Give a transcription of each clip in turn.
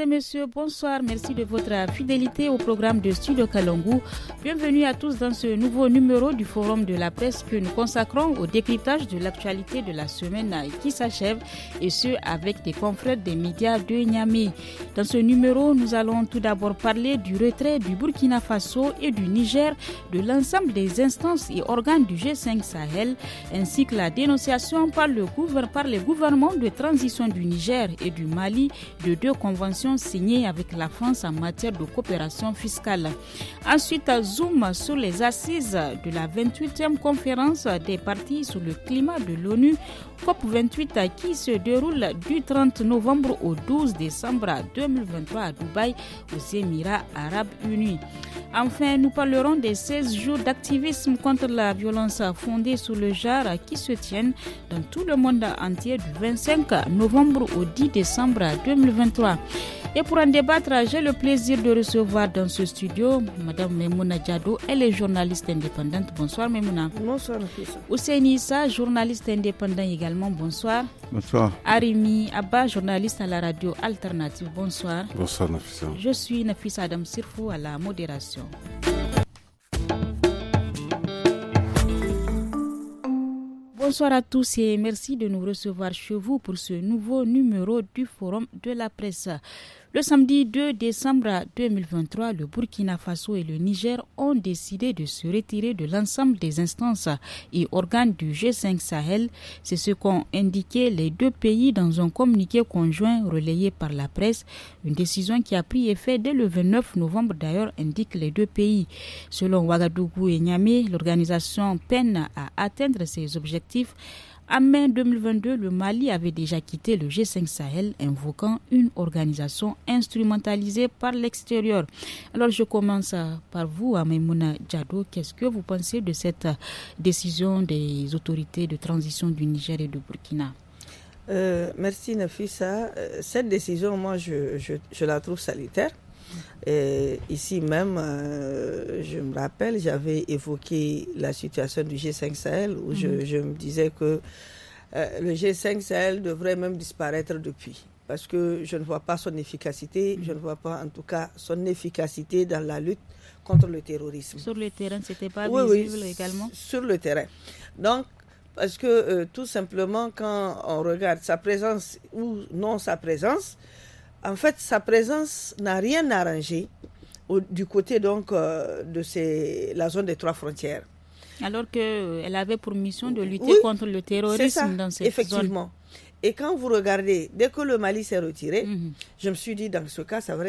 et messieurs, bonsoir. Merci de votre fidélité au programme de Studio Kalongo. Bienvenue à tous dans ce nouveau numéro du Forum de la presse que nous consacrons au décryptage de l'actualité de la semaine qui s'achève et ce avec des confrères des médias de Niamey. Dans ce numéro, nous allons tout d'abord parler du retrait du Burkina Faso et du Niger de l'ensemble des instances et organes du G5 Sahel ainsi que la dénonciation par le, par les gouvernements de transition du Niger et du Mali de deux conventions signé signée avec la France en matière de coopération fiscale. Ensuite, zoom sur les assises de la 28e conférence des partis sur le climat de l'ONU COP28 qui se déroule du 30 novembre au 12 décembre 2023 à Dubaï, aux Émirats arabes unis. Enfin, nous parlerons des 16 jours d'activisme contre la violence fondée sur le genre qui se tiennent dans tout le monde entier du 25 novembre au 10 décembre 2023. Et pour en débattre, j'ai le plaisir de recevoir dans ce studio Madame Memouna Diado, elle est journaliste indépendante. Bonsoir Memouna. Bonsoir Nafisa. journaliste indépendant également bonsoir. Bonsoir. Arimi Abba, journaliste à la radio Alternative, bonsoir. Bonsoir Nafisa. Je suis Nafisa Adam Sirfou à la modération. Bonsoir à tous et merci de nous recevoir chez vous pour ce nouveau numéro du Forum de la presse. Le samedi 2 décembre 2023, le Burkina Faso et le Niger ont décidé de se retirer de l'ensemble des instances et organes du G5 Sahel. C'est ce qu'ont indiqué les deux pays dans un communiqué conjoint relayé par la presse. Une décision qui a pris effet dès le 29 novembre d'ailleurs, Indique les deux pays. Selon Ouagadougou et Niamey, l'organisation peine à atteindre ses objectifs en mai 2022, le Mali avait déjà quitté le G5 Sahel, invoquant une organisation instrumentalisée par l'extérieur. Alors je commence par vous, Amemouna Djado. Qu'est-ce que vous pensez de cette décision des autorités de transition du Niger et du Burkina euh, Merci Nafisa. Euh, cette décision, moi, je, je la trouve salutaire et ici même, euh, je me rappelle, j'avais évoqué la situation du G5 Sahel où mhm. je, me disais que euh, le G5 Sahel devrait même disparaître depuis. Parce que je ne vois pas son efficacité, mhm. je ne vois pas en tout cas son efficacité dans la lutte contre le terrorisme. Sur le terrain, c'était pas visible également Sur le terrain. Donc, parce que euh, tout simplement, quand on regarde sa présence ou non sa présence, en fait, sa présence n'a rien arrangé du côté donc euh, de la zone des trois frontières. Alors qu'elle euh, avait pour mission de lutter contre le terrorisme dans cette effectivement. Et quand vous regardez, dès que le Mali s'est retiré, mhm. je me suis dit, dans ce cas, ça va,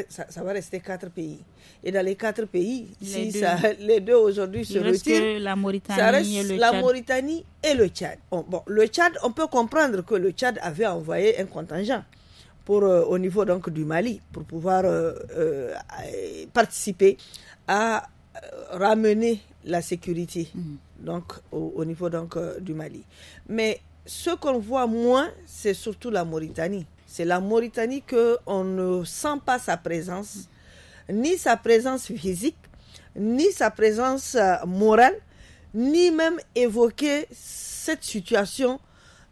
rester quatre pays. Et dans les quatre pays, si deux, les deux aujourd'hui se retirent, la Mauritanie ça reste la Mauritanie et le Tchad. le Tchad, on peut comprendre que le Tchad avait envoyé un contingent pour, euh, au niveau donc, du Mali pour pouvoir euh, euh, participer à ramener la sécurité mhm. donc, au, niveau donc, du Mali. Mais ce qu'on voit moins, c'est surtout la Mauritanie. C'est la Mauritanie que on ne sent pas sa présence, ni sa présence physique, ni sa présence morale, ni même évoquer cette situation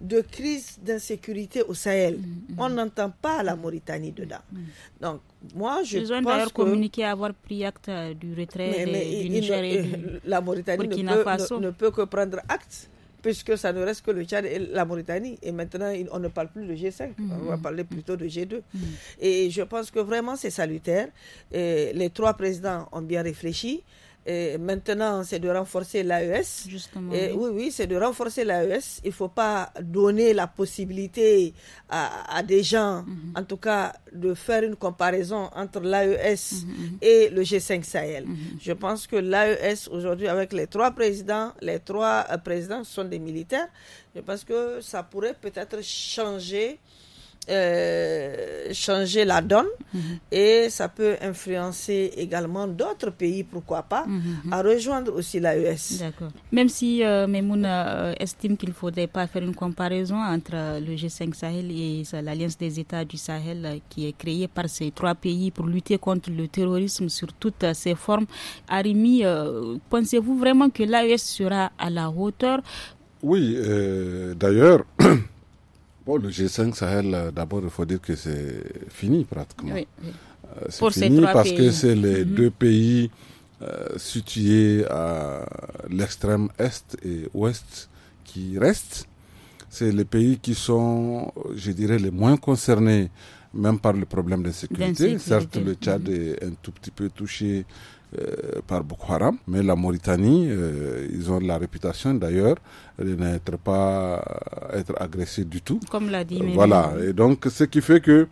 de crise d'insécurité au Sahel. Mm, mm. On n'entend pas la Mauritanie dedans. Mm, Donc, moi, je Ils ont d'ailleurs que... communiqué avoir pris acte euh, du retrait du La Mauritanie ne peut, ne, peut, que prendre acte puisque ça ne reste que le Tchad et la Mauritanie. Et maintenant, on ne parle plus de G5, on va parler plutôt de G2. Et je pense que vraiment, c'est salutaire. les trois présidents ont bien réfléchi maintenant, c'est de renforcer l'AES. oui, oui, c'est de renforcer l'AES. Il ne faut pas donner la possibilité à, des gens, mhm. en tout cas, de faire une comparaison entre l'AES mhm, mhm. et le G5 Sahel. Je pense que l'AES, aujourd'hui, avec les trois présidents, les trois euh, présidents sont des militaires. Je pense que ça pourrait peut-être changer euh, changer la donne mm-hmm. et ça peut influencer également d'autres pays, pourquoi pas, mm-hmm. à rejoindre aussi l'AES. D'accord. Même si euh, euh estime qu'il ne faudrait pas faire une comparaison entre euh, le G5 Sahel et l'Alliance des États du Sahel qui est créée par ces trois pays pour lutter contre le terrorisme sur toutes ses formes, Arimi, pensez-vous vraiment que l'AES sera à la hauteur Oui, d'ailleurs. Bon, le G5 Sahel, d'abord, il faut dire que c'est fini pratiquement. Oui, euh, c'est fini parce que c'est les mhm. deux pays euh, situés à l'extrême est et ouest qui restent. C'est les pays qui sont, je dirais, les moins concernés même par le problème de sécurité. Certes, le Tchad mhm. est un tout petit peu touché euh, par Boko Haram. Mais la Mauritanie, euh, ils ont la réputation d'ailleurs de n'être pas euh, être agressés du tout. Comme l'a dit. voilà. Et donc, ce qui fait que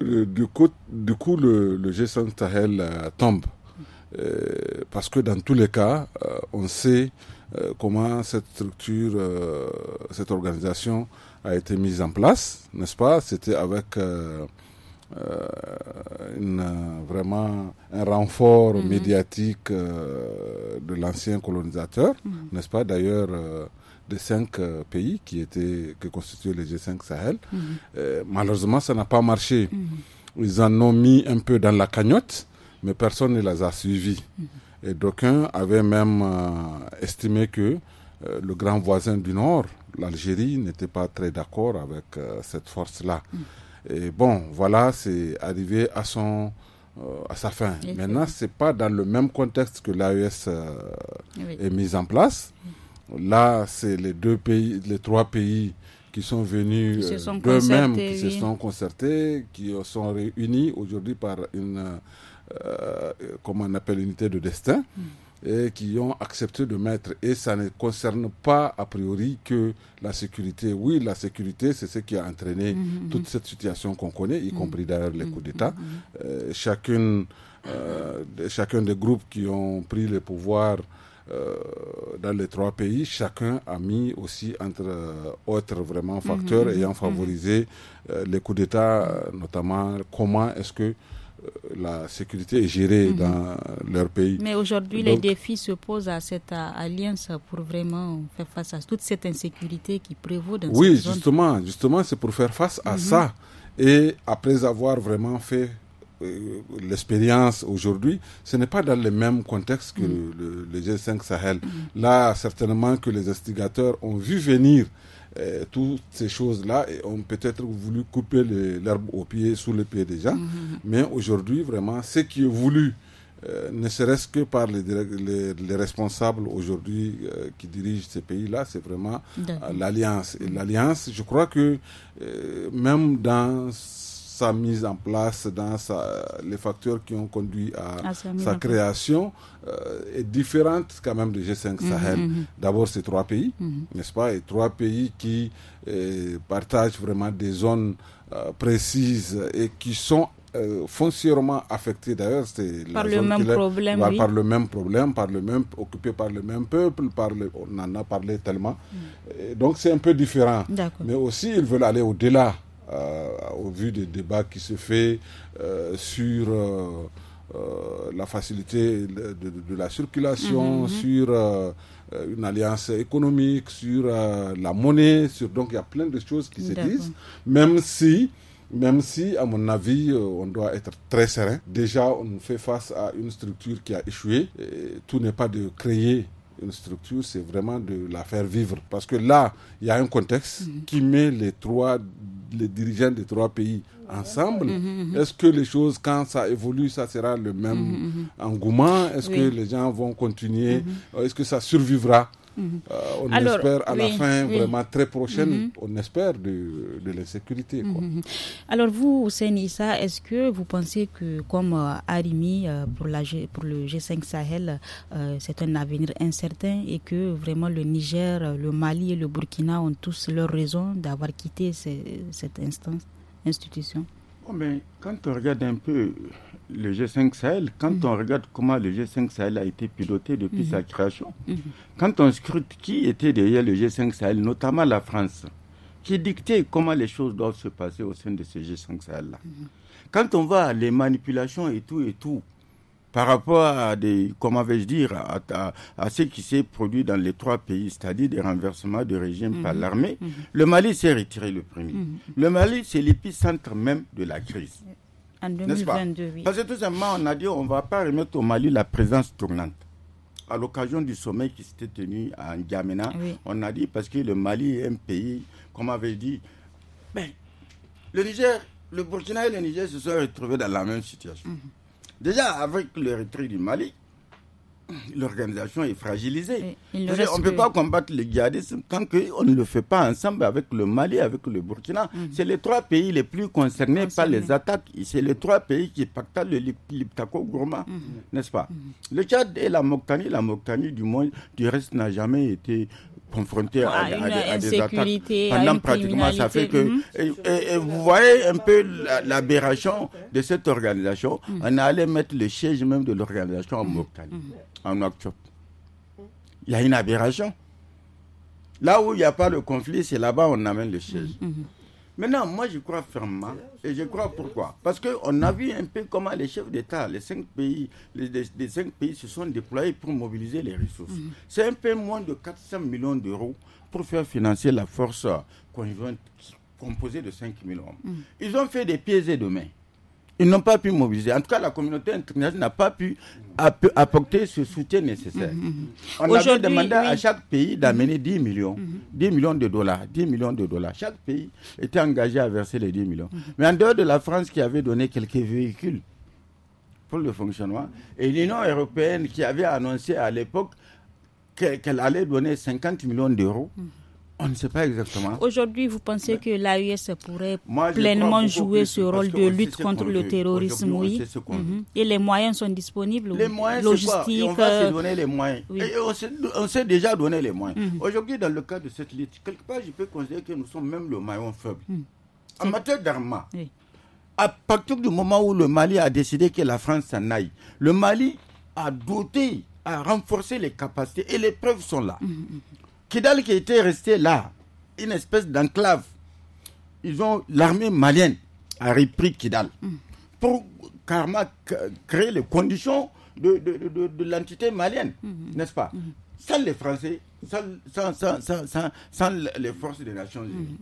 du coup, du coup, le, le G5 Sahel tombe. parce que dans tous les cas, on sait comment cette structure, cette organisation a été mise en place, n'est-ce pas C'était avec euh, une, vraiment un renfort mhm. médiatique euh, de l'ancien colonisateur, mhm. n'est-ce pas D'ailleurs, euh, des cinq pays qui étaient que constituaient les G5 Sahel. Mhm. malheureusement, ça n'a pas marché. Ils en ont mis un peu dans la cagnotte, mais personne ne les a suivis. Et d'aucuns avaient même estimé que le grand voisin du Nord, l'Algérie, n'était pas très d'accord avec cette force-là. Et bon, voilà, c'est arrivé à son euh, à sa fin. Maintenant, Maintenant, c'est pas dans le même contexte que l'AES euh, est mise en place. Là, c'est les deux pays, les trois pays qui sont venus euh, d'eux-mêmes, qui se sont concertés, qui sont réunis aujourd'hui par une, comment on appelle, unité de destin. Mm et qui ont accepté de mettre. Et ça ne concerne pas a priori que la sécurité. Oui, la sécurité, c'est ce qui a entraîné mm-hmm, mm-hmm. toute cette situation qu'on connaît, y compris mm-hmm. d'ailleurs les coups d'État. Euh, chacune, euh, chacun des groupes qui ont pris le pouvoir euh, dans les trois pays, chacun a mis aussi entre autres vraiment facteurs ayant favorisé les coups d'État, notamment comment est-ce que euh, la sécurité est gérée mhm. dans leur pays. Mais aujourd'hui, les défis se posent à cette alliance pour vraiment faire face à toute cette insécurité qui prévaut dans oui, cette Oui, justement, justement, c'est pour faire face à mhm. ça. Et après avoir vraiment fait euh, l'expérience aujourd'hui, ce n'est pas dans mhm. le même contexte que le, G5 Sahel. Là, certainement que les instigateurs ont vu venir euh, toutes ces choses-là et ont peut-être voulu couper l'herbe au pied, sous le pied des gens. Mhm. Mais aujourd'hui, vraiment, ce qui est voulu, euh, ne serait-ce que par les, les, responsables aujourd'hui euh, qui dirigent ces pays-là, c'est vraiment l'alliance. Et mhm. l'alliance, je crois que même dans sa mise en place, dans les facteurs qui ont conduit à, sa création euh, est différente quand même de G5 mhm, Sahel. Mhm. D'abord, c'est trois pays, mhm. n'est-ce pas Et trois pays qui euh, partagent vraiment des zones euh, précises et qui sont foncièrement affectés d'ailleurs c'est par le même problème par, par, le même problème par le même occupé par le même peuple par on en a parlé tellement mm. donc c'est un peu différent mais aussi ils veulent aller au-delà euh, au vu des débats qui se fait euh, sur euh, la facilité de, la circulation, mhm, mhm. sur une alliance économique, sur la monnaie, donc il y a plein de choses qui se disent, même si même si, à mon avis, on doit être très serein. Déjà, on fait face à une structure qui a échoué. Et tout n'est pas de créer une structure, c'est vraiment de la faire vivre. Parce que là, il y a un contexte mhm. qui met les trois, les dirigeants des trois pays ensemble. Mhm, mhm, Est-ce que les choses, quand ça évolue, ça sera le même engouement Est-ce que les gens vont continuer Est-ce que ça survivra euh, on espère à la fin, vraiment très prochaine, mm-hmm. on espère de, la sécurité. Mm-hmm. Alors vous, Senissa, est-ce que vous pensez que comme euh, Arimi euh, pour, le G5 Sahel, c'est un avenir incertain et que vraiment le Niger, le Mali et le Burkina ont tous leur raison d'avoir quitté cette instance, institution oh, Quand on regarde un peu le G5 Sahel, quand mhm. on regarde comment le G5 Sahel a été piloté depuis mhm. sa création, mhm. quand on scrute qui était derrière le G5 Sahel, notamment la France, qui dictait comment les choses doivent se passer au sein de ce G5 Sahel-là. Quand on voit les manipulations et tout et tout, par rapport à des, comment vais-je dire, à, ce qui s'est produit dans les trois pays, c'est-à-dire des renversements de régime par l'armée, le Mali s'est retiré le premier. Le Mali, c'est l'épicentre même de la crise. 2022, Parce que tout simplement, on a dit on ne va pas remettre au Mali la présence tournante. À l'occasion du sommet qui s'était tenu à N'Djamena, on a dit parce que le Mali est un pays, comme avait dit, le Niger, le Burkina et le Niger se sont retrouvés dans la même situation. Mhm. Déjà, avec le retrait du Mali, l'organisation est fragilisée. on ne peut pas combattre le djihadisme tant qu'on ne le fait pas ensemble avec le Mali, avec le Burkina. Mm-hmm. C'est les trois pays les plus concernés, par les attaques. C'est les trois pays qui pactent le Liptako Gourma, mm-hmm. n'est-ce pas mm-hmm. Le Tchad et la Mauritanie, la Mauritanie du moins, du reste n'a jamais été confrontée à, ah, des attaques. Pendant pratiquement, ça fait que... vous voyez un peu l'aberration de cette organisation. On allait mettre le siège même de l'organisation en Mauritanie en octobre. Il y a une aberration. Là où il n'y a pas de conflit, c'est là-bas on amène le siège. Mhm, mhm. Maintenant, moi, je crois fermement. Et je crois pourquoi Parce qu'on a vu un peu comment les chefs d'État, les cinq pays, les, cinq pays se sont déployés pour mobiliser les ressources. Mhm. C'est un peu moins de 400 millions d'euros pour faire financer la force conjointe composée de 5 000 hommes. Ils ont fait des pieds et de mains. Ils n'ont pas pu mobiliser. En tout cas, la communauté internationale n'a pas pu apporter ce soutien nécessaire. Mmh, mmh, mmh. On avait demandé à chaque pays d'amener 10 millions, 10 millions de dollars, 10 millions de dollars. Chaque pays était engagé à verser les 10 millions. Mais en dehors de la France qui avait donné quelques véhicules pour le fonctionnement, et l'Union européenne qui avait annoncé à l'époque qu'elle allait donner 50 millions d'euros. On ne sait pas exactement. Aujourd'hui, vous pensez que l'AUS pourrait pleinement jouer ce rôle de lutte contre le terrorisme, oui. Mhm. Et les moyens sont disponibles, les moyens, logistiques. on va se donner les moyens. Euh, on s'est déjà donné les moyens. Mhm. Aujourd'hui, dans le cas de cette lutte, quelque part, je peux considérer que nous sommes même le maillon faible. Mhm. En matière d'armement, à partir du moment où le Mali a décidé que la France s'en aille, le Mali a doté, a renforcé les capacités et les preuves sont là. Kidal qui était resté là, une espèce d'enclave, ils ont l'armée malienne a repris Kidal hmm. pour carrément créer les conditions de, l'entité malienne, hmm, hmm, n'est-ce pas Sans les Français, sans, les forces des Nations Unies.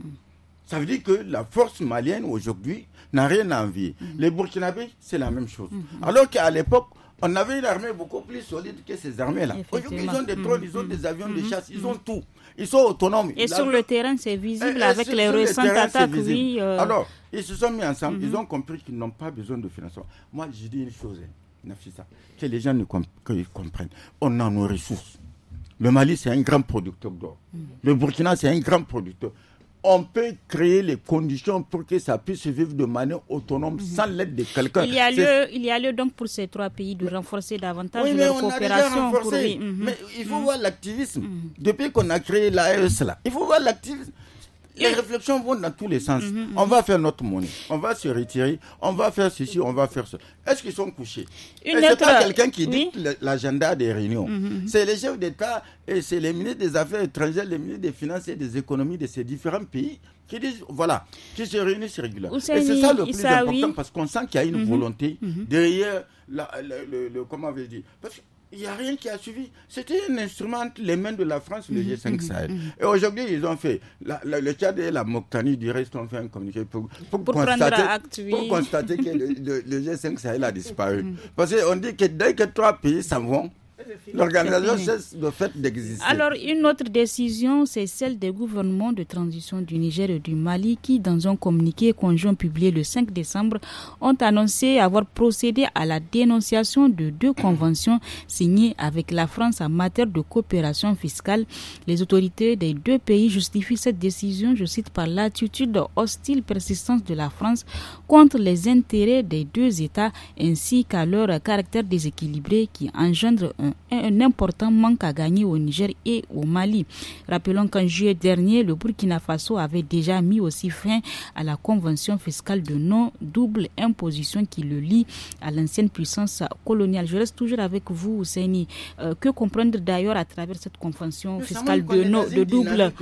Ça veut dire que la force malienne aujourd'hui n'a rien à envier. Les Burkinabés, c'est la même chose. Alors qu'à l'époque, on avait une armée beaucoup plus solide que ces armées-là. ils ont des mm. drones, ils ont des mm. avions de mm-hmm. chasse, ils ont mm-hmm. tout. Ils sont autonomes. Et sur le terrain, c'est visible eh, eh, avec les récentes attaques, euh. Alors, ils se sont mis ensemble, ils mm-hmm. ont compris qu'ils n'ont pas besoin de financement. Moi, je dis une chose, hein, que les gens ne comprennent. On a nos ressources. Le Mali, c'est un grand producteur d'or. Mm. Le Burkina, c'est un grand producteur on peut créer les conditions pour que ça puisse vivre de manière autonome mhm. sans l'aide de quelqu'un. Il y a lieu, il y a lieu donc pour ces trois pays de renforcer davantage oui, coopération. Mhm. Mais il faut mhm. voir l'activisme. Depuis qu'on a créé l'AES là, il faut voir l'activisme les réflexions vont dans tous les sens. Mhm, mhm. On va faire notre monnaie, on va se retirer, on va faire ceci, on va faire cela. Est-ce qu'ils sont couchés c'est pas quelqu'un qui dit l'agenda des réunions. Mhm, c'est les chefs d'État et c'est les ministres des Affaires étrangères, les ministres des Finances et des Économies de ces différents pays qui disent, voilà, qui se réunissent régulièrement. Et c'est ça le plus important parce qu'on sent qu'il y a une volonté derrière le, comment on veut dire. Parce que il n'y a rien qui a suivi. C'était un instrument entre les mains de la France, le mhm, G5 mhm, Sahel. Mhm. Et aujourd'hui, ils ont fait, le Tchad et la Mauritanie, du reste, ont fait un communiqué pour, constater, pour constater que le, le G5 Sahel a disparu. Parce qu'on dit que dès que trois pays s'en vont, L'organisation cesse de fait d'exister. Alors, une autre décision, c'est celle des gouvernements de transition du Niger et du Mali qui, dans un communiqué conjoint publié le 5 décembre, ont annoncé avoir procédé à la dénonciation de deux conventions signées avec la France en matière de coopération fiscale. Les autorités des deux pays justifient cette décision, je cite, par l'attitude hostile persistante de la France contre les intérêts des deux États ainsi qu'à leur caractère déséquilibré qui engendre un un important manque à gagner au Niger et au Mali. Rappelons qu'en juillet dernier, le Burkina Faso avait déjà mis aussi fin à la convention fiscale de non-double imposition qui le lie à l'ancienne puissance coloniale. Je reste toujours avec vous, Ousseini. Euh, que comprendre d'ailleurs à travers cette convention fiscale de, non de double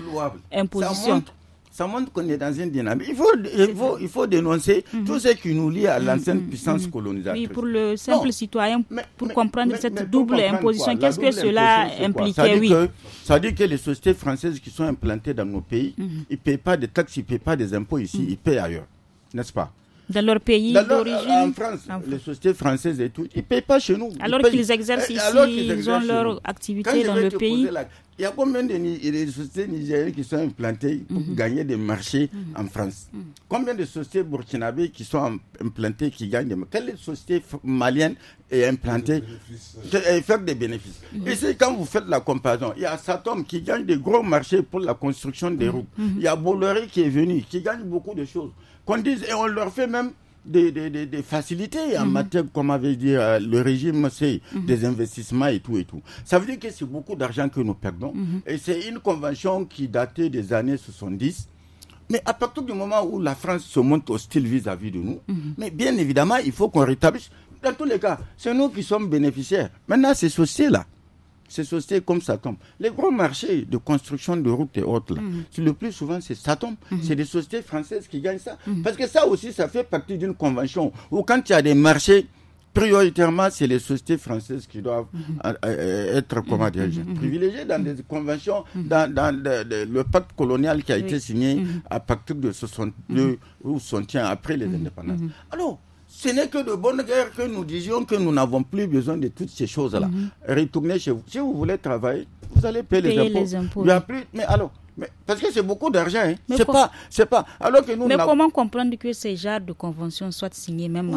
imposition ça montre qu'on est dans une dynamique. Il faut, il faut, dénoncer mhm. tout ce qui nous lie à l'ancienne mhm. puissance mhm. colonisatrice. Oui, pour le simple citoyen, pour comprendre cette double imposition, qu'est-ce que cela impliquait ça oui. que, dit que les sociétés françaises qui sont implantées dans nos pays, ils ne payent pas de taxes, ils ne payent pas des impôts ici, ils payent ailleurs. N'est-ce pas dans leur pays d'origine En France, les sociétés françaises et tout, ils ne payent pas chez nous. Alors qu'ils exercent eh, ici, ils, ont leur activité dans le pays. Il y a combien de, sociétés nigériennes qui sont implantées pour mhm. gagner des marchés mhm. en France mhm. Combien de sociétés burkinabées qui sont implantées, qui gagnent des marchés Quelles sociétés malienne est implantées et faire des bénéfices c'est quand vous faites la comparaison, il y a Satom qui gagne des gros marchés pour la construction des routes. Il y a Bolloré qui est venu, qui gagne beaucoup de choses. Qu'on dise, et on leur fait même des, facilités en mhm. matière, comme avait dit euh, le régime, c'est mhm. des investissements et tout et tout. Ça veut dire que c'est beaucoup d'argent que nous perdons. Mhm. Et c'est une convention qui datait des années 70. Mais à partir du moment où la France se montre hostile vis-à-vis -vis de nous, mais bien évidemment, il faut qu'on rétablisse. Dans tous les cas, c'est nous qui sommes bénéficiaires. Maintenant, c'est ceci là ces sociétés comme ça tombe. Les gros marchés de construction de routes et autres, mhm. le plus souvent, c'est ça tombe. Mhm. C'est des sociétés françaises qui gagnent ça. Mhm. Parce que ça aussi, ça fait partie d'une convention où quand il y a des marchés, prioritairement, c'est les sociétés françaises qui doivent euh, euh, être, privilégiées dans des conventions, dans, le pacte colonial qui a été signé à partir de 62 ou 61 après les indépendances. Alors, ce n'est que de bonne guerre que nous disions que nous n'avons plus besoin de toutes ces choses-là. Mhm. Retournez chez vous. Si vous voulez travailler, vous allez payer, les impôts. Mais alors, parce que c'est beaucoup d'argent. Hein. C'est pas, c'est pas. Alors que nous. Mais comment comprendre que ces genres de conventions soient signées même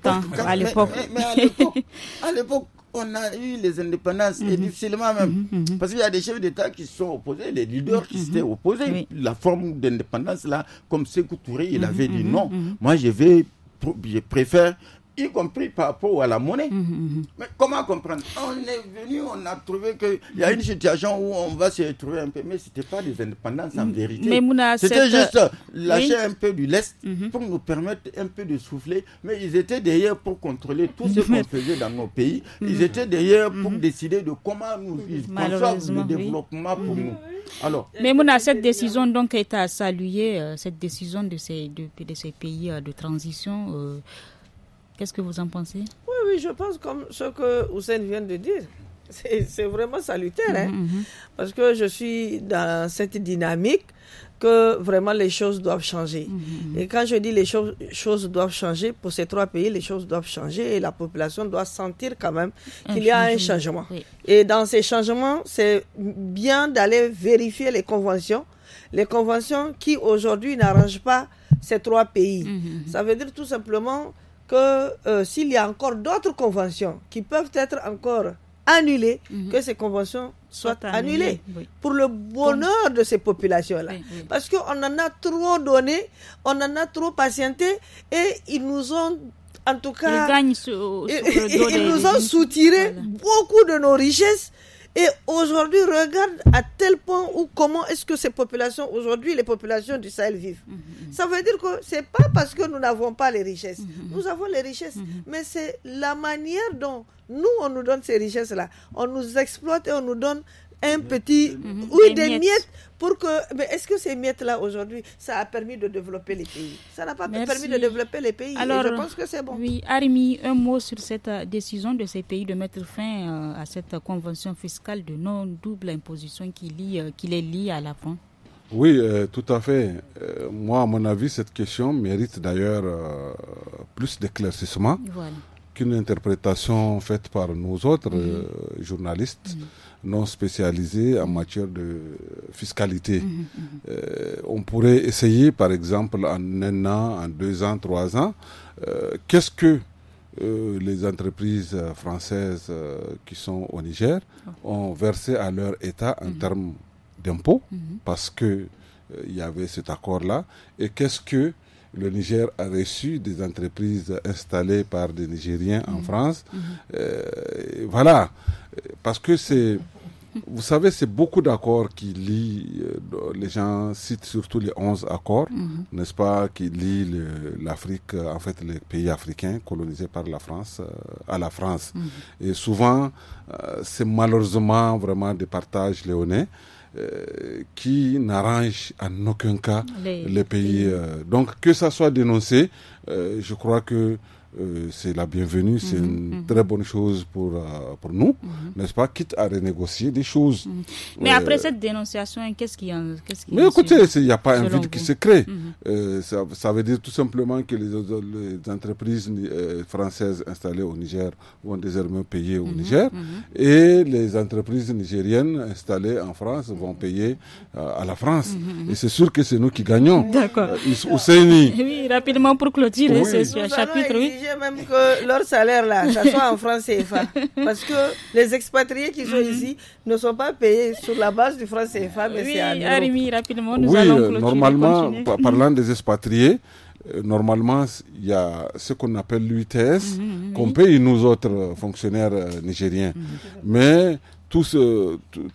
temps à l'époque mais, à l'époque, on a eu les indépendances et mhm. difficilement même, mhm, parce qu'il y a des chefs d'État qui se sont opposés, les leaders qui s'étaient opposés. La forme d'indépendance là, comme Sekou Touré, il avait dit non. Moi, je vais je, préfère y compris par rapport à la monnaie. Hum, hum, hum. Mais comment comprendre On est venu, on a trouvé qu'il y a une situation où on va se retrouver un peu, mais ce n'était pas des indépendances en vérité. C'était juste lâcher un peu du lest pour nous permettre un peu de souffler, mais ils étaient derrière pour contrôler tout ce qu'on faisait dans nos pays. Ils étaient derrière pour décider de comment nous, conçoivent le développement pour nous. Alors, mais Mouna, cette décision donc est à saluer, euh, cette décision de ces, pays euh, de transition. Euh, Qu'est-ce que vous en pensez Oui, oui, je pense comme ce que Hussein vient de dire. C'est vraiment salutaire, hein. mm-hmm, mm-hmm. parce que je suis dans cette dynamique que vraiment les choses doivent changer. Mm-hmm, et quand je dis les choses doivent changer, pour ces trois pays, les choses doivent changer et la population doit sentir quand même qu'il y a un changement. Et dans ces changements, c'est bien d'aller vérifier les conventions. Les conventions qui aujourd'hui n'arrangent pas ces trois pays. Ça veut dire tout simplement que euh, s'il y a encore d'autres conventions qui peuvent être encore annulées, mhm. que ces conventions soient annulées, pour le bonheur de ces populations-là. Parce qu'on en a trop donné, on en a trop patienté et ils nous ont en tout cas, ils, nous ont soutiré beaucoup de nos richesses et aujourd'hui, regarde à tel point ou comment est-ce que ces populations, aujourd'hui, les populations du Sahel vivent. Mm-hmm, mm-hmm. Ça veut dire que ce n'est pas parce que nous n'avons pas les richesses. Mm-hmm, nous avons les richesses, mais c'est la manière dont nous, on nous donne ces richesses-là. On nous exploite et on nous donne un petit, Oui, des, miettes pour que, mais est-ce que ces miettes-là aujourd'hui, ça a permis de développer les pays Ça n'a pas permis de développer les pays. Alors, je pense que c'est bon. Oui, Armi, un mot sur cette euh, décision de ces pays de mettre fin euh, à cette convention fiscale de non-double imposition qui, lie, euh, qui les lie à la fin. Oui, tout à fait. moi, à mon avis, cette question mérite d'ailleurs plus d'éclaircissement qu'une interprétation faite par nous autres mhm. journalistes. Mhm non spécialisés en matière de fiscalité. Mhm, mhm. Euh, on pourrait essayer, par exemple, en un an, en deux ans, trois ans, euh, qu'est-ce que euh, les entreprises françaises qui sont au Niger ont versé à leur État en mhm. termes d'impôts, parce que il y avait cet accord-là, et qu'est-ce que le Niger a reçu des entreprises installées par des Nigériens en France. voilà, parce que c'est vous savez, c'est beaucoup d'accords qui lient, euh, les gens citent surtout les 11 accords, mhm. n'est-ce pas, qui lient l'Afrique, en fait, les pays africains colonisés par la France euh, à la France. Mhm. Et souvent, euh, c'est malheureusement vraiment des partages léonais qui n'arrangent en aucun cas les, pays. donc que ça soit dénoncé, je crois que euh, c'est la bienvenue, c'est mhm, une mhm. très bonne chose pour, euh, pour nous, mhm. n'est-ce pas, quitte à renégocier des choses. Mais après euh, cette dénonciation, qu'est-ce qu'il y a Mais écoutez, il n'y a pas un vide qui se crée. Ça, veut dire tout simplement que les, entreprises françaises installées au Niger vont désormais payer au Niger et les entreprises nigériennes installées en France vont payer à la France. Et c'est sûr que c'est nous qui gagnons. D'accord. Oui, rapidement pour clôturer ce chapitre, oui même que leur salaire là, ça soit en franc CFA. Parce que les expatriés qui sont mhm. ici ne sont pas payés sur la base du franc CFA, mais oui, Arimi, rapidement, nous oui, normalement, parlant des expatriés, euh, normalement, il y a ce qu'on appelle l'UTS, mhm, mhm, qu'on paye nous autres euh, fonctionnaires euh, nigériens. Mais tout,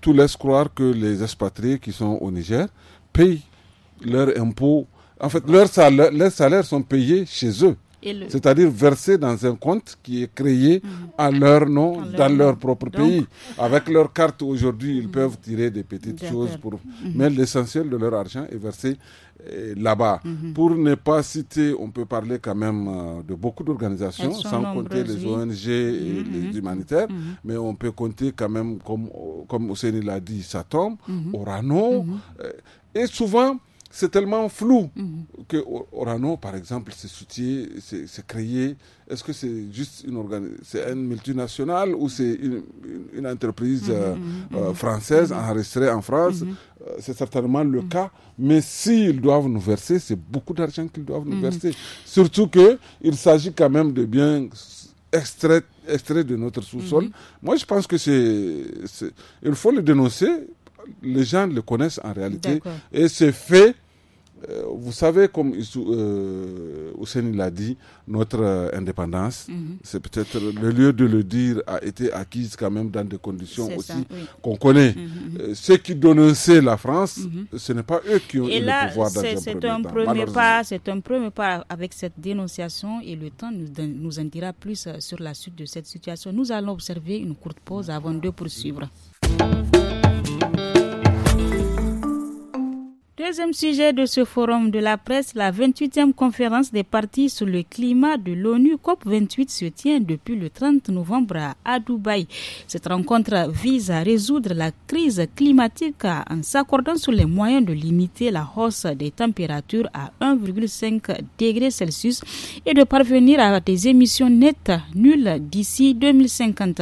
tout laisse croire que les expatriés qui sont au Niger payent leurs impôts. En fait, leurs salaires, leurs salaires sont payés chez eux. C'est-à-dire versé dans un compte qui est créé à leur nom, dans leur propre pays. Avec leur carte aujourd'hui, ils peuvent tirer des petites choses, pour... Mhm. mais l'essentiel de leur argent est versé euh, là-bas. Mhm. Pour ne pas citer, on peut parler quand même euh, de beaucoup d'organisations, sans compter les ONG et mhm. les humanitaires, mais on peut compter quand même, comme, comme l'a dit, Satom, Orano, euh, et souvent, c'est tellement flou mhm. que Orano, par exemple, s'est soutenu, s'est créé. Est-ce que c'est juste une c'est multinationale ou c'est une, entreprise mhm, euh, mhm, euh, française enregistrée en France euh, C'est certainement le cas. Mais s'ils doivent nous verser, c'est beaucoup d'argent qu'ils doivent nous verser. Surtout que il s'agit quand même de biens extraits, extraits de notre sous-sol. Moi, je pense que c'est, il faut le dénoncer les gens le connaissent en réalité. Et c'est fait. Euh, vous savez, comme euh, l'a dit, notre euh, indépendance, mhm. c'est peut-être le lieu de le dire, a été acquise quand même dans des conditions aussi qu'on connaît. Mhm, mhm. Euh, ceux qui dénonçaient la France, ce n'est pas eux qui ont eu le pouvoir dans C'est un, premier, un premier pas. C'est un premier pas avec cette dénonciation et le temps nous, nous en dira plus sur la suite de cette situation. Nous allons observer une courte pause avant de poursuivre. Deuxième sujet de ce forum de la presse, la 28e conférence des partis sur le climat de l'ONU COP28 se tient depuis le 30 novembre à Dubaï. Cette rencontre vise à résoudre la crise climatique en s'accordant sur les moyens de limiter la hausse des températures à 1,5 degrés Celsius et de parvenir à des émissions nettes nulles d'ici 2050.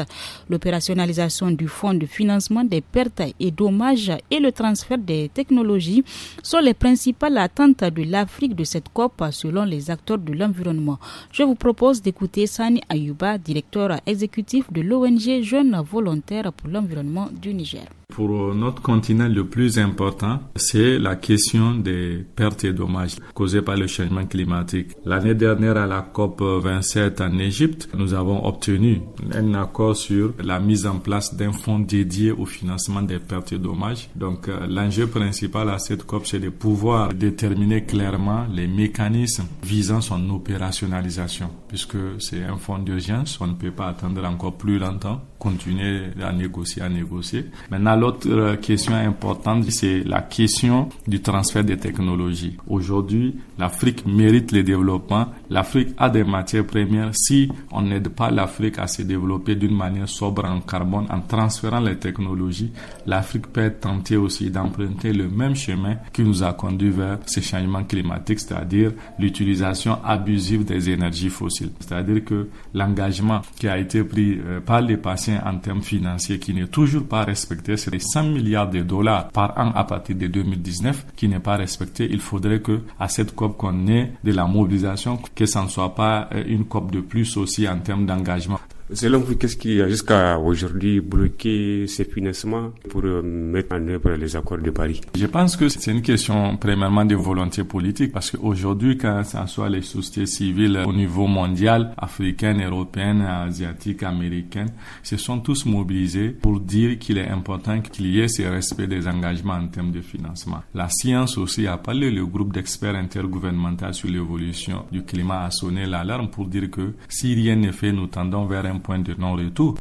L'opérationnalisation du fonds de financement des pertes et dommages et le transfert des technologies sont les principales attentes de l'Afrique de cette COP selon les acteurs de l'environnement. Je vous propose d'écouter Sani Ayuba, directeur exécutif de l'ONG Jeunes volontaires pour l'environnement du Niger. Pour notre continent, le plus important, c'est la question des pertes et dommages causés par le changement climatique. L'année dernière, à la COP 27 en Égypte, nous avons obtenu un accord sur la mise en place d'un fonds dédié au financement des pertes et dommages. Donc, euh, l'enjeu principal à cette COP, c'est de pouvoir déterminer clairement les mécanismes visant son opérationnalisation, puisque c'est un fonds d'urgence, on ne peut pas attendre encore plus longtemps continuer à négocier, à négocier. Maintenant, l'autre euh, question importante, c'est la question du transfert des technologies. Aujourd'hui, l'Afrique mérite le développement. L'Afrique a des matières premières. Si on n'aide pas l'Afrique à se développer d'une manière sobre en carbone, en transférant les technologies, l'Afrique peut tenter aussi d'emprunter le même chemin qui nous a conduit vers ces changements climatiques, c'est-à-dire l'utilisation abusive des énergies fossiles. C'est-à-dire que l'engagement qui a été pris euh, par les patients en termes financiers qui n'est toujours pas respecté. C'est les 100 milliards de dollars par an à partir de 2019 qui n'est pas respecté. Il faudrait que à cette COP qu'on ait de la mobilisation, que ça ne soit pas euh, une COP de plus aussi en termes d'engagement. Selon vous, qu'est-ce qui a jusqu'à aujourd'hui bloqué ces financements pour euh, mettre en œuvre les accords de Paris Je pense que c'est une question premièrement de volonté politique parce qu'aujourd'hui, quand ça soit les sociétés civiles au niveau mondial, africaines, européennes asiatique, américaines se sont tous mobilisés pour dire qu'il est important qu'il y ait ce respect des engagements en termes de financement. La science aussi a parlé, le groupe d'experts intergouvernemental sur l'évolution du climat a sonné l'alarme pour dire que si rien n'est fait, nous tendons vers un point de non tout.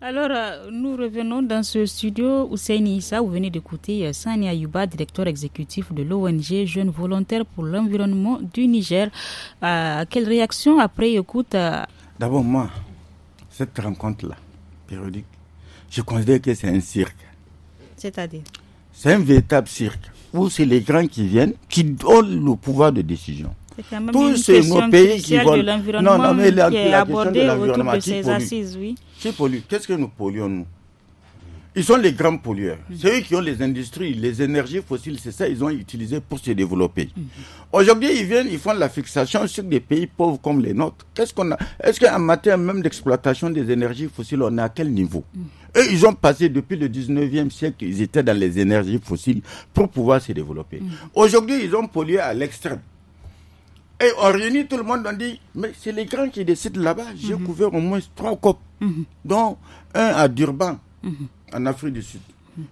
Alors, euh, nous revenons dans ce studio. où Issa, vous venez d'écouter euh, Sani Ayuba, directeur exécutif de l'ONG Jeunes Volontaires pour l'Environnement du Niger. Euh, quelle réaction après écoute D'abord, moi, cette rencontre-là, périodique, je considère que c'est un cirque. C'est-à-dire C'est un véritable cirque où c'est les grands qui viennent, qui donnent le pouvoir de décision. Tous ces nos pays qui vont. Non, non, mais la, question de l'environnement qui oui. Qui Qu'est-ce que nous polluons, nous Ils sont les grands pollueurs. Mm. C'est eux qui ont les industries, les énergies fossiles, c'est ça ils ont utilisé pour se développer. Mm. Aujourd'hui, ils viennent, ils font la fixation sur des pays pauvres comme les nôtres. Qu'est-ce qu'on a Est-ce qu'en matière même d'exploitation des énergies fossiles, on est à quel niveau mm. ils ont passé depuis le 19e siècle, ils étaient dans les énergies fossiles pour pouvoir se développer. Aujourd'hui, ils ont pollué à l'extrême. Et on réunit tout le monde, on dit, mais c'est les grands qui décident là-bas. J'ai mhm. couvert au moins trois copes, mhm. dont un à Durban, mhm. en Afrique du Sud.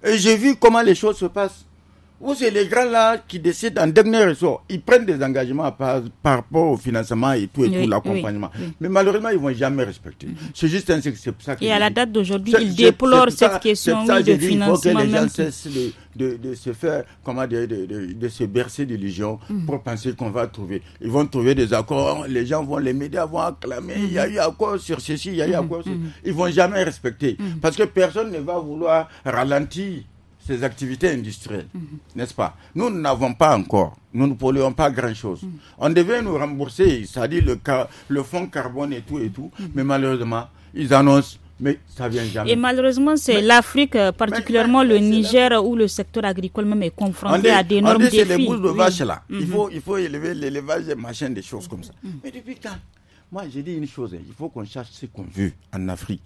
Et j'ai vu comment les choses se passent. Ou c'est les grands-là qui décident en dernier ressort. Ils prennent des engagements par, par rapport au financement et tout, et tout, l'accompagnement. Mais malheureusement, ils ne vont jamais respecter. Mhm. C'est juste un c'est ça que Et à la date d'aujourd'hui, ils déplorent cette question ça, de financement. Il faut que les gens cessent de, de, se faire, comment de, de se bercer d'illusions mhm. pour penser qu'on va trouver. Ils vont trouver des accords, les gens vont, les médias vont acclamer, il y a mhm. eu accord sur ceci, il y a eu accord sur... ceci. Ils ne vont jamais respecter. Parce que personne ne va vouloir ralentir ces activités industrielles, mhm. n'est-ce pas Nous n'avons pas encore, nous ne polluons pas grand-chose. Mhm. On devait nous rembourser, c'est-à-dire le, le fonds carbone et tout et tout, mhm. mais malheureusement, ils annoncent mais ça vient jamais. Et malheureusement, c'est l'Afrique, euh, particulièrement le Niger, où le secteur agricole même est confronté à d'énormes défis. C'est les de il, faut, il faut élever l'élevage, machin, des choses comme ça. Mais depuis quand Moi, j'ai dit une chose, hein, il faut qu'on cherche ce qu'on veut en Afrique.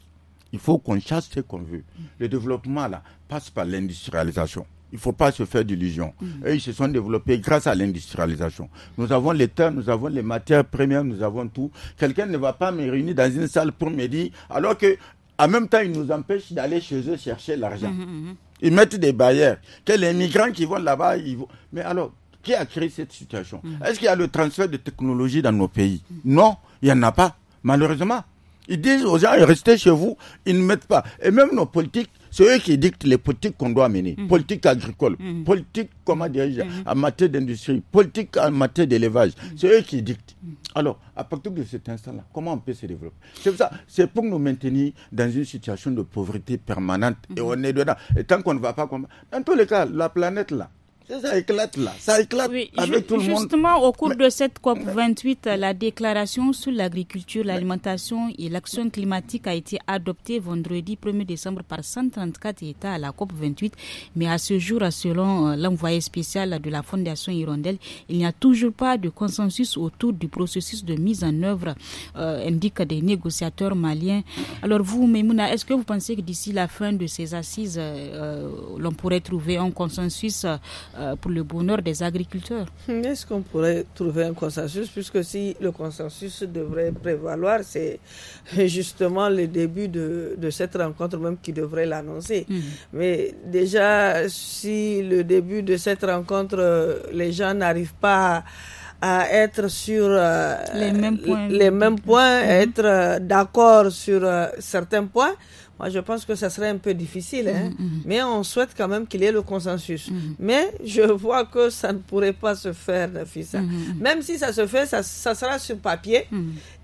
Il faut qu'on chasse ce qu'on veut. Le développement, là, passe par l'industrialisation. Il ne faut pas se faire d'illusions. Mm. Eux ils se sont développés grâce à l'industrialisation. Nous avons les terres, nous avons les matières premières, nous avons tout. Quelqu'un ne va pas me réunir dans une salle pour me dire, alors que en même temps, ils nous empêchent d'aller chez eux chercher l'argent. Mm, mm, ils mettent des barrières. Que les migrants qui vont là-bas, ils vont. Mais alors, qui a créé cette situation Est-ce qu'il y a le transfert de technologie dans nos pays Non, il n'y en a pas, malheureusement. Ils disent aux gens, restez chez vous, ils ne mettent pas. Et même nos politiques, c'est eux qui dictent les politiques qu'on doit mener. Mhm. Politique agricole, mhm. politique, comment dirais-je, mhm. en matière d'industrie, politique en matière d'élevage. C'est eux qui dictent. Alors, à partir de cet instant-là, comment on peut se développer C'est pour ça, c'est pour nous maintenir dans une situation de pauvreté permanente. Et on est dedans. Et tant qu'on ne va pas combattre, dans tous les cas, la planète là, ça éclate là, ça éclate avec tout le justement, monde. Justement, au cours de cette COP28, la déclaration sur l'agriculture, l'alimentation et l'action climatique a été adoptée vendredi 1er décembre par 134 États à la COP28. Mais à ce jour, selon euh, l'envoyé spécial de la Fondation Hirondelle, il n'y a toujours pas de consensus autour du processus de mise en œuvre, euh, indique des négociateurs maliens. Alors vous, Memouna, est-ce que vous pensez que d'ici la fin de ces assises, euh, l'on pourrait trouver un consensus euh, pour le bonheur des agriculteurs. Hmm, est-ce qu'on pourrait trouver un consensus Puisque si le consensus devrait prévaloir, c'est justement le début de, cette rencontre même qui devrait l'annoncer. Hmm. Mais déjà, si le début de cette rencontre, euh, les gens n'arrivent pas à être sur euh, les mêmes points, les hmm. être d'accord sur certains points, moi je pense que ça serait un peu difficile, mhm, hein. mhm. mais on souhaite quand même qu'il y ait le consensus. Mhm. Mais je vois que ça ne pourrait pas se faire, Nafisa. Même si ça se fait, ça, sera sur papier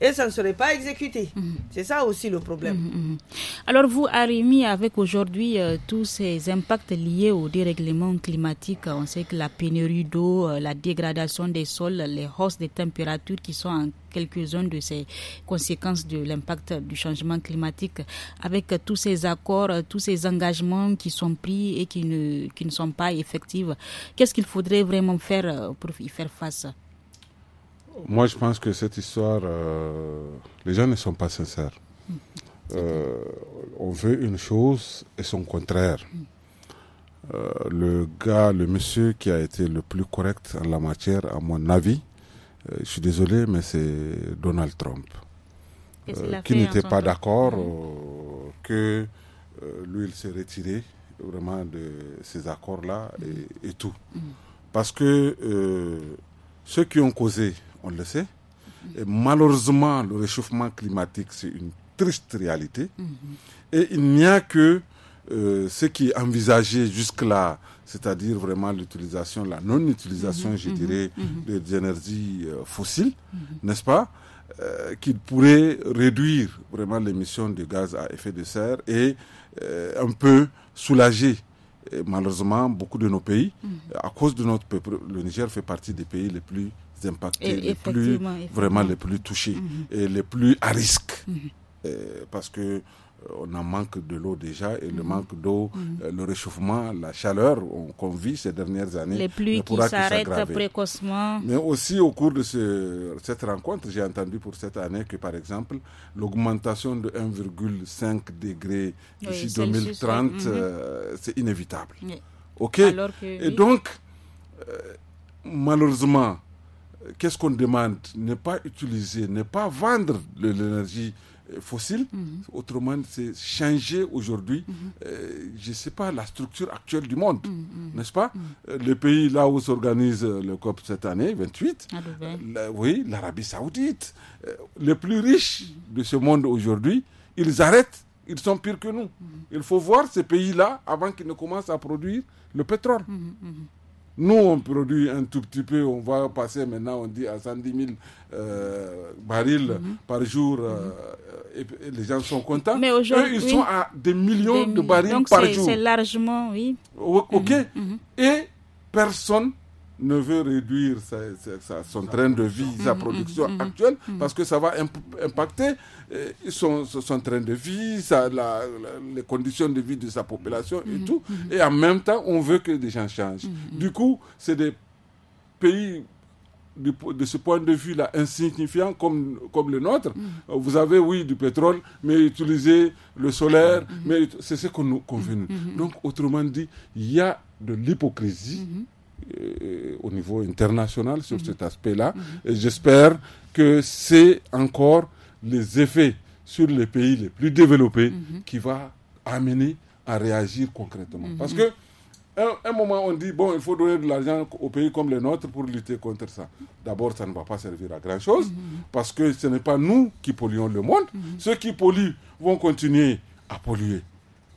et ça ne serait pas exécuté. C'est ça aussi le problème. Alors vous, Arimi, avec aujourd'hui euh, tous ces impacts liés au dérèglement climatique, on sait que la pénurie d'eau, euh, la dégradation des sols, les hausses des températures qui sont en quelques-unes de ces conséquences de l'impact du changement climatique avec tous ces accords, tous ces engagements qui sont pris et qui ne, qui ne sont pas effectifs. Qu'est-ce qu'il faudrait vraiment faire euh, pour y faire face Moi, je pense que cette histoire, euh, les gens ne sont pas sincères. Euh, on veut une chose et son contraire. Mm. le gars, le monsieur qui a été le plus correct en la matière, à mon avis, euh, je suis désolé, mais c'est Donald Trump euh, qui n'était pas d'accord euh, que lui, il s'est retiré vraiment de ces accords-là et, tout. Mm. Parce que ceux qui ont causé, on le sait, mm. et malheureusement, le réchauffement climatique, c'est une triste réalité. Mm-hmm. Et il n'y a que euh, ce qui est envisagé jusque-là, c'est-à-dire vraiment l'utilisation, la non-utilisation, mhm, je mhm, dirais, mhm. des énergies euh, fossiles, n'est-ce pas euh, qui qu'il pourrait réduire vraiment l'émission de gaz à effet de serre et un peu soulager malheureusement beaucoup de nos pays, à cause de notre peuple, le Niger fait partie des pays les plus impactés, et, les plus vraiment les plus touchés et les plus à risque. parce que euh, on en manque de l'eau déjà et le mhm. manque d'eau, mhm. euh, le réchauffement, la chaleur qu'on vit ces dernières années. Les pluies qui s'arrêtent précocement. Mais aussi au cours de cette rencontre, j'ai entendu pour cette année que par exemple l'augmentation de 1,5 degré d'ici 2030, mhm. euh, c'est inévitable. Ok. et donc malheureusement, qu'est-ce qu'on demande Ne pas utiliser, ne pas vendre l'énergie euh, fossiles. Mhm. Autrement, c'est changer aujourd'hui, mhm. euh, je sais pas, la structure actuelle du monde, mhm, n'est-ce pas euh, les pays là où s'organise le COP cette année, 28, oui, l'Arabie saoudite, les plus riches de ce monde aujourd'hui, ils arrêtent, ils sont pires que nous. Il faut voir ces pays-là avant qu'ils ne commencent à produire le pétrole. Nous, on produit un tout petit peu, on va passer maintenant, on dit à 110 000 euh, barils par jour, euh, euh, et, les gens sont contents. Mais Eux, ils sont à des millions de barils par jour. C'est largement, oui. ok. Mm. Mm-hmm. Et personne ne veut réduire son train de vie, sa production actuelle, parce que ça va impacter son, train de vie, les conditions de vie de sa population et mm, tout. Mm, mm. Et en même temps, on veut que des gens changent. Du coup, c'est des pays de, ce point de vue-là insignifiant comme, comme le nôtre. Euh, vous avez, oui, du pétrole, mais utiliser le solaire, c'est ce qu'on nous convenu. Donc, autrement dit, il y a de l'hypocrisie euh, au niveau international sur cet mhm. aspect-là. Mhm. Et j'espère que c'est encore les effets sur les pays les plus développés mhm. qui va amener à réagir concrètement. Parce que un, moment, on dit, bon, il faut donner de l'argent aux pays comme les nôtres pour lutter contre ça. D'abord, ça ne va pas servir à grand-chose, parce que ce n'est pas nous qui polluons le monde. Ceux qui polluent vont continuer à polluer.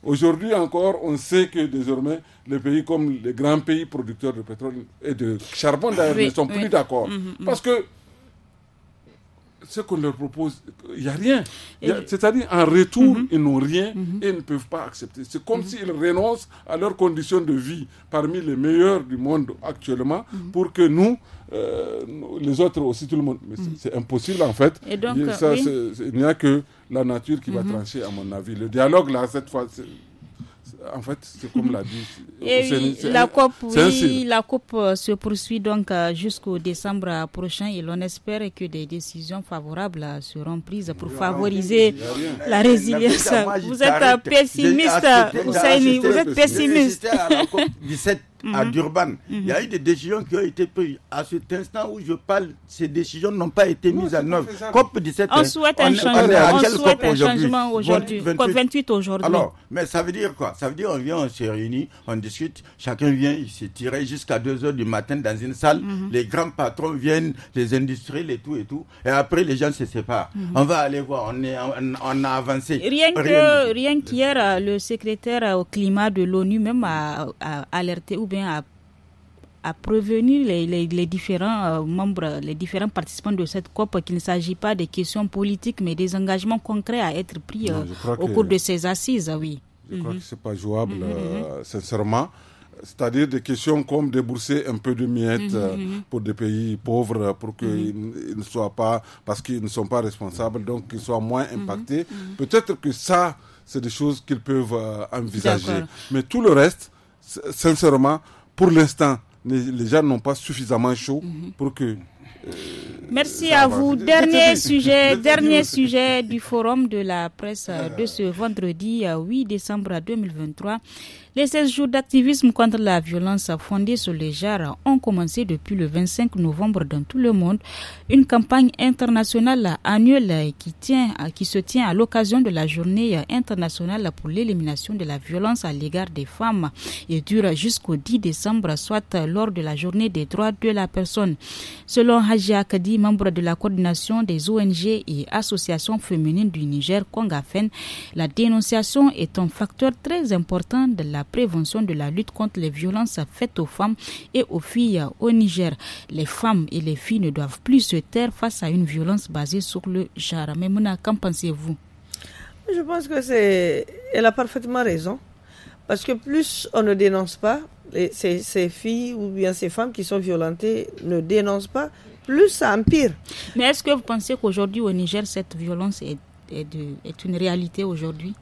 Aujourd'hui encore, on sait que désormais, les pays comme les grands pays producteurs de pétrole et de charbon d'ailleurs ne sont plus d'accord. Mm, mm, mm. Parce que ce qu'on leur propose, il n'y a rien. C'est-à-dire, en retour, mm-hmm. ils n'ont rien mm-hmm. et ils ne peuvent pas accepter. C'est comme mm-hmm. s'ils renoncent à leurs conditions de vie parmi les meilleures du monde actuellement pour que nous, euh, les autres aussi, tout le monde. Mais c'est mm. impossible en fait. Et donc, il n'y a que la nature qui va mm-hmm. trancher, à mon avis. Le dialogue, là, cette fois, en fait, c'est comme l'a dit. la, COP la euh, se poursuit donc euh, jusqu'au décembre prochain et l'on espère que des décisions favorables seront prises pour favoriser la eh, résilience. Vous êtes pessimiste, Vous êtes pessimiste à mhm. Durban. Il y a mhm. eu des décisions qui ont été prises. À cet instant où je parle, ces décisions n'ont pas été mises en œuvre. COP17, on souhaite un changement, aujourd'hui. COP28 aujourd'hui. Alors, mais ça veut dire quoi Ça veut dire on vient, on se réunit, on discute, chacun vient, il s'est tiré jusqu'à 2h du matin dans une salle. Mhm. Les grands patrons viennent, les industriels et tout et tout. Et après, les gens se séparent. On va aller voir, on, est, on, a avancé. Rien, rien qu'hier, euh, le secrétaire euh, au climat de l'ONU même a, a alerté ou bien à, prévenir les, différents euh, membres, les différents participants de cette COP qu'il ne s'agit pas des questions politiques, mais des engagements concrets à être pris euh, au cours de ces assises, oui. Je crois mhm. que ce n'est pas jouable, mhm, mhm, euh, sincèrement c'est-à-dire des questions comme débourser un peu de miettes pour des pays pauvres, pour qu'ils ne soient pas, parce qu'ils ne sont pas responsables, donc qu'ils soient moins impactés. Peut-être que ça, c'est des choses qu'ils peuvent envisager. Mais tout le reste, sincèrement, pour l'instant, les, gens n'ont pas suffisamment chaud mhm. pour que euh, Merci à vous. Dernier sujet, dernier sujet du forum de la presse de ce vendredi 8 euh, décembre 2023. Les 16 jours d'activisme contre la violence fondée sur les jarres ont commencé depuis le 25 novembre dans tout le monde. Une campagne internationale annuelle qui, se tient à l'occasion de la journée internationale pour l'élimination de la violence à l'égard des femmes et dure jusqu'au 10 décembre, soit lors de la journée des droits de la personne. Selon Haji Akadi, membre de la coordination des ONG et associations féminines du Niger, Congafen, la dénonciation est un facteur très important de la la prévention de la lutte contre les violences faites aux femmes et aux filles au Niger. Les femmes et les filles ne doivent plus se taire face à une violence basée sur le genre. Mais Mouna, qu'en pensez-vous Je pense que c'est. Elle a parfaitement raison. Parce que plus on ne dénonce pas, ces, ces, filles ou bien ces femmes qui sont violentées ne dénoncent pas, plus ça empire. Mais est-ce que vous pensez qu'aujourd'hui au Niger, cette violence est est, une réalité aujourd'hui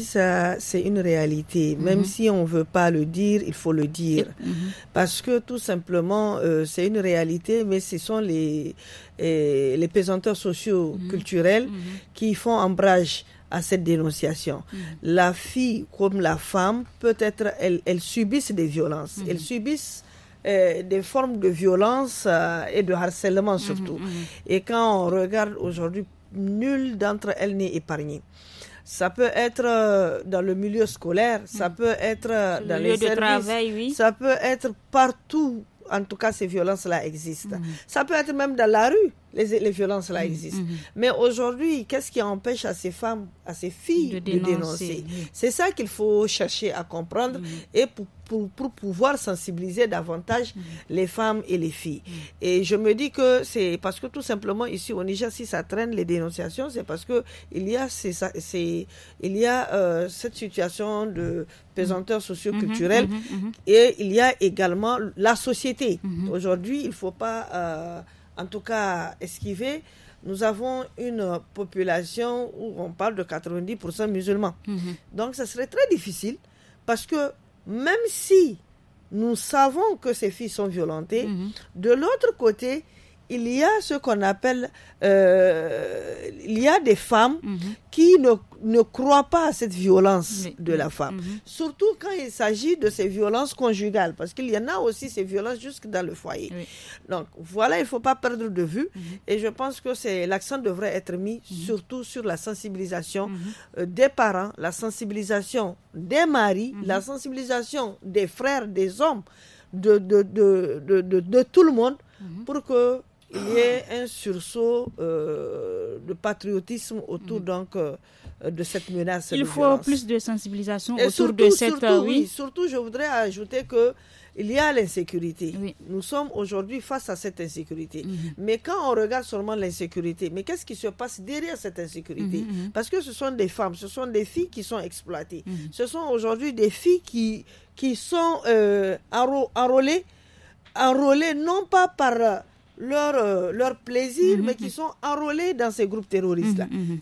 ça, euh, c'est une réalité. Même mhm. si on ne veut pas le dire, il faut le dire. Mhm. Parce que tout simplement, euh, c'est une réalité, mais ce sont les, les pesanteurs sociaux, mhm. culturels, qui font embrage à cette dénonciation. La fille comme la femme, peut-être, elles, elle subissent des violences. Elle Elles subissent euh, des formes de violence et de harcèlement surtout. et quand on regarde aujourd'hui nulle d'entre elles n'est épargnée. Ça peut être euh, dans le milieu scolaire, ça hmm. peut être euh, dans les services, ça peut être partout. En tout cas, ces violences-là existent. Hmm. Ça peut être même dans la rue les, les violences là mm, existent. Mm, mm. Mais aujourd'hui, qu'est-ce qui empêche à ces femmes, à ces filles de dénoncer, C'est ça qu'il faut chercher à comprendre et pour, pour, pour, pouvoir sensibiliser davantage les femmes et les filles. Et je me dis que c'est parce que tout simplement ici au Niger, si ça traîne les dénonciations, c'est parce que il y a, ces, ces, il y a euh, cette situation de pesanteur socioculturelle mm-hmm, mm-hmm, mm-hmm, et il y a également la société. Aujourd'hui, il ne faut pas... Euh, en tout cas esquivé, nous avons une population où on parle de 90% musulmans. Mhm. Donc ce serait très difficile parce que même si nous savons que ces filles sont violentées, mhm. de l'autre côté, il y a ce qu'on appelle, euh, il y a des femmes mhm. qui ne, croient pas à cette violence de la femme, mhm. surtout quand il s'agit de ces violences conjugales, parce qu'il y en a aussi ces violences jusque dans le foyer. Donc voilà, il ne faut pas perdre de vue, mhm. et je pense que c'est l'accent devrait être mis surtout sur la sensibilisation euh, des parents, la sensibilisation des maris, la sensibilisation des frères, des hommes, de, de, de tout le monde pour que il y ait un sursaut euh, de patriotisme autour mm. donc euh, de cette menace. Il faut plus de sensibilisation autour de cette. Euh, oui. surtout, je voudrais ajouter que il y a l'insécurité. Nous sommes aujourd'hui face à cette insécurité. Mm-hmm. Mais quand on regarde seulement l'insécurité, mais qu'est-ce qui se passe derrière cette insécurité mm-hmm, mm-hmm. Parce que ce sont des femmes, ce sont des filles qui sont exploitées. Ce sont aujourd'hui des filles qui, qui sont euh, enrôlées, enrôlées non pas par leur, euh, leur plaisir, mhm, mais qui mhm. sont enrôlés dans ces groupes terroristes-là. Mhm,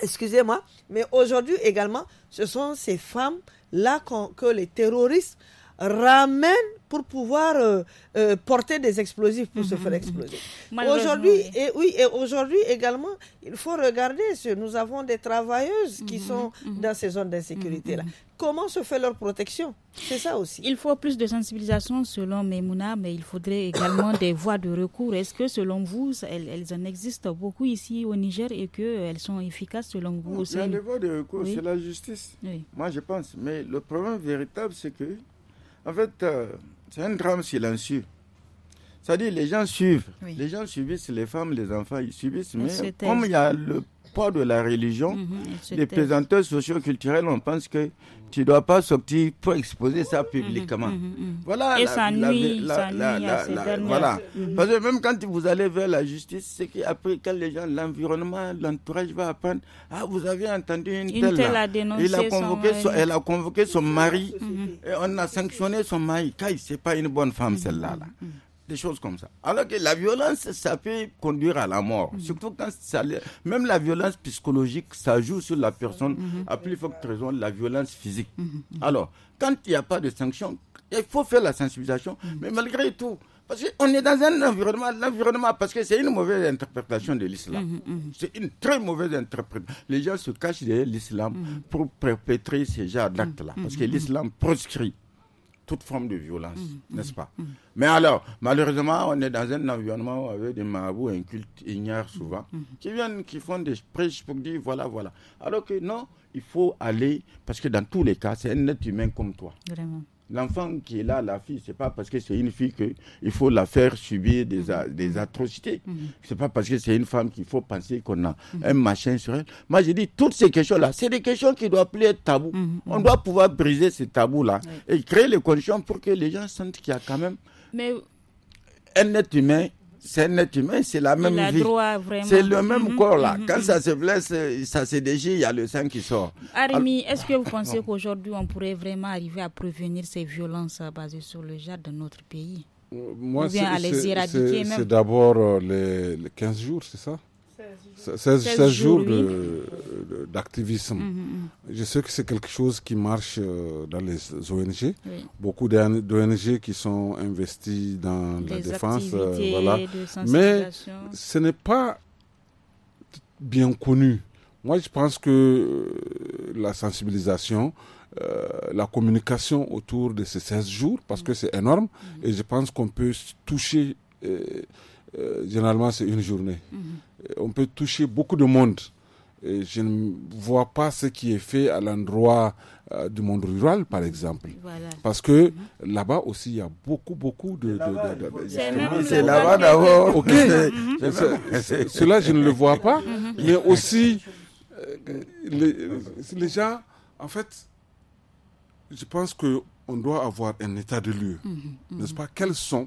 Excusez-moi, mais aujourd'hui également, ce sont ces femmes-là que les terroristes ramène pour pouvoir euh, euh, porter des explosifs pour se mhm, faire mhm. exploser. Aujourd'hui, et oui, et aujourd'hui également, il faut regarder ce, nous avons des travailleuses qui mhm, sont dans ces zones d'insécurité là. Comment se fait leur protection C'est ça aussi. Il faut plus de sensibilisation selon Memouna, mais il faudrait également des voies de recours. Est-ce que selon vous, elles, en existent beaucoup ici au Niger et qu'elles euh, sont efficaces selon vous aussi Les voies de recours, c'est la justice. Moi, je pense. Mais le problème véritable, c'est que en fait, euh, c'est un drame silencieux. Ça à dire les gens suivent. Les gens subissent, les femmes, les enfants, ils subissent. mais comme il y a le poids de la religion, des mhm, les présenteurs socio-culturels, on pense que tu ne dois pas sortir pour exposer ça mhm, mhm, publiquement. Voilà. Et ça nuit, Voilà. Parce que même quand vous allez vers la justice, c'est qu'après, quand les gens, l'environnement, l'entourage va apprendre, ah, vous avez entendu une, telle. dénoncé elle a convoqué son mari et on a sanctionné son mari. c'est pas une bonne femme, celle-là. Là des choses comme ça. Alors que la violence, ça peut conduire à la mort. Mhm. Surtout quand ça, même la violence psychologique, ça joue sur la personne, mhm. à plus forte raison, la violence physique. Mhm. Alors, quand il n'y a pas de sanction, il faut faire la sensibilisation, mais malgré tout, parce qu'on est dans un environnement, l'environnement, parce que c'est une mauvaise interprétation de l'islam. C'est une très mauvaise interprétation. Les gens se cachent derrière l'islam pour perpétrer ces genres d'actes-là. Parce que l'islam proscrit toute forme de violence, mm, mm, n'est-ce pas mm. Mais alors, malheureusement, on est dans un environnement où avec des marabouts incultes, ignares souvent, qui viennent, qui font des prêches pour dire voilà, voilà. Alors que non, il faut aller, parce que dans tous les cas, c'est un être humain comme toi. Vraiment. L'enfant qui est là, la fille, c'est pas parce que c'est une fille qu'il faut la faire subir des, mhm. des atrocités. Ce mhm. n'est C'est pas parce que c'est une femme qu'il faut penser qu'on a mhm. un machin sur elle. Moi, je dis, toutes ces questions-là, c'est des questions qui doivent plus être taboues. On doit pouvoir briser ces tabous-là et créer les conditions pour que les gens sentent qu'il y a quand même. Mais un être humain c'est un être humain, c'est la même vie. C'est le même mhm, corps là. Mhm, Quand ça mhm. se blesse, ça se déchire, il y a le sang qui sort. Arimi, est-ce que vous pensez ah. qu'aujourd'hui on pourrait vraiment arriver à prévenir ces violences euh, basées sur le genre dans notre pays Moi, Ou à les éradiquer C'est d'abord euh, les 15 jours, c'est ça 16, jours, d'activisme. Je sais que c'est quelque chose qui marche euh, dans les ONG. Beaucoup d'ONG qui sont investis dans la défense. Euh, voilà. Mais ce n'est pas bien connu. Moi, je pense que euh, la sensibilisation, la communication autour de ces 16 jours parce que mm. c'est énorme mm. et je pense qu'on peut toucher généralement c'est une journée. Mm-hmm on peut toucher beaucoup de monde. je ne vois pas ce qui est fait à l'endroit euh, du monde rural, par exemple. Parce que mhm. là-bas aussi, il y a beaucoup, beaucoup de... C'est là-bas d'abord. Ok. Cela, je ne le vois pas. Mhm. Mhm. Mais aussi, euh, les, gens, en fait, je pense qu'on doit avoir un état de lieu. N'est-ce pas Quels sont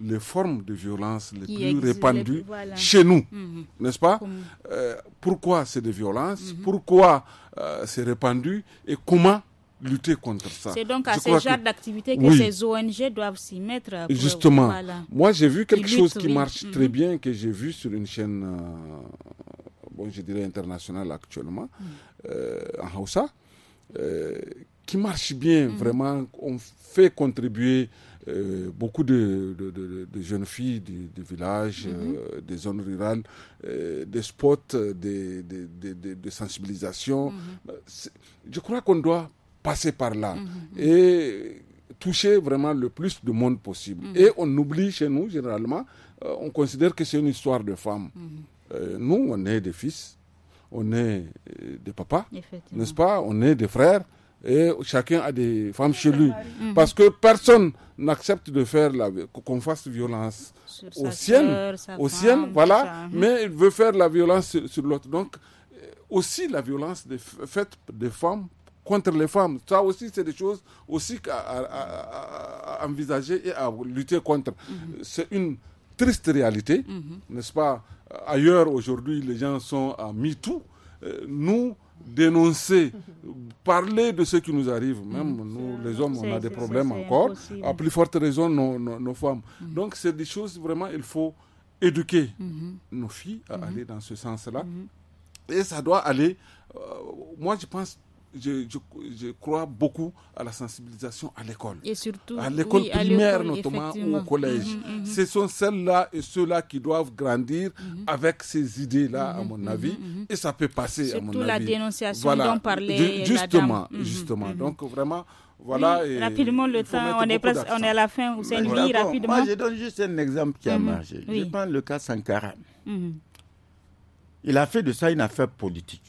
les formes de violence les plus répandues chez nous, mm-hmm. n'est-ce pas euh, Pourquoi c'est des violences mm-hmm. Pourquoi euh, c'est répandu Et comment lutter contre ça C'est donc à ce genre d'activité que ces ONG doivent s'y mettre. Justement. Moi, j'ai vu quelque chose qui marche très mm-hmm. bien, que j'ai vu sur une chaîne, euh, bon, je dirais internationale actuellement, mm. en Hausa, qui marche bien, vraiment. On fait contribuer euh, beaucoup de, jeunes filles des villages mhm. euh, des zones rurales, euh, des spots de, sensibilisation. Mhm. Je crois qu'on doit passer par là mhm, et toucher vraiment le plus de monde possible. Et on oublie chez nous, généralement, on considère que c'est une histoire de femmes. nous, on est des fils, on est des papas, n'est-ce pas On est des frères et chacun a des femmes chez lui. Parce que personne n'accepte de faire la qu'on fasse violence au siennes, au siennes, voilà, hein. mais il veut faire la violence sur, l'autre. Donc euh, aussi la violence faite des femmes contre les femmes, ça aussi c'est des choses aussi à, envisager et à lutter contre. Mhm. C'est une triste réalité, mhm. n'est-ce pas euh, Ailleurs aujourd'hui les gens sont à MeToo. Euh, nous dénoncer, parler de ce qui nous arrive. Même mm. nous, les hommes, on a des problèmes encore. À plus forte raison, nos, femmes. Mm. Donc, c'est des choses vraiment, il faut éduquer mm-hmm. nos filles à mm-hmm. aller dans ce sens-là. Mm-hmm. Et ça doit aller, euh, moi je pense, je, crois beaucoup à la sensibilisation à l'école. Et surtout, à l'école primaire, notamment ou au collège. Mm, mm, mm, Ce sont celles-là et ceux-là qui doivent grandir avec ces idées-là, à mon avis. Et ça peut passer, à mon avis. Surtout la dénonciation dont parlait Justement, justement. Donc, vraiment. Voilà, rapidement, le temps, on est, à la fin. Vous voilà. rapidement. Moi, je donne juste un exemple qui a mm-hmm. marché. Je prends le cas Sankara. Mm-hmm. Il a fait de ça une affaire politique.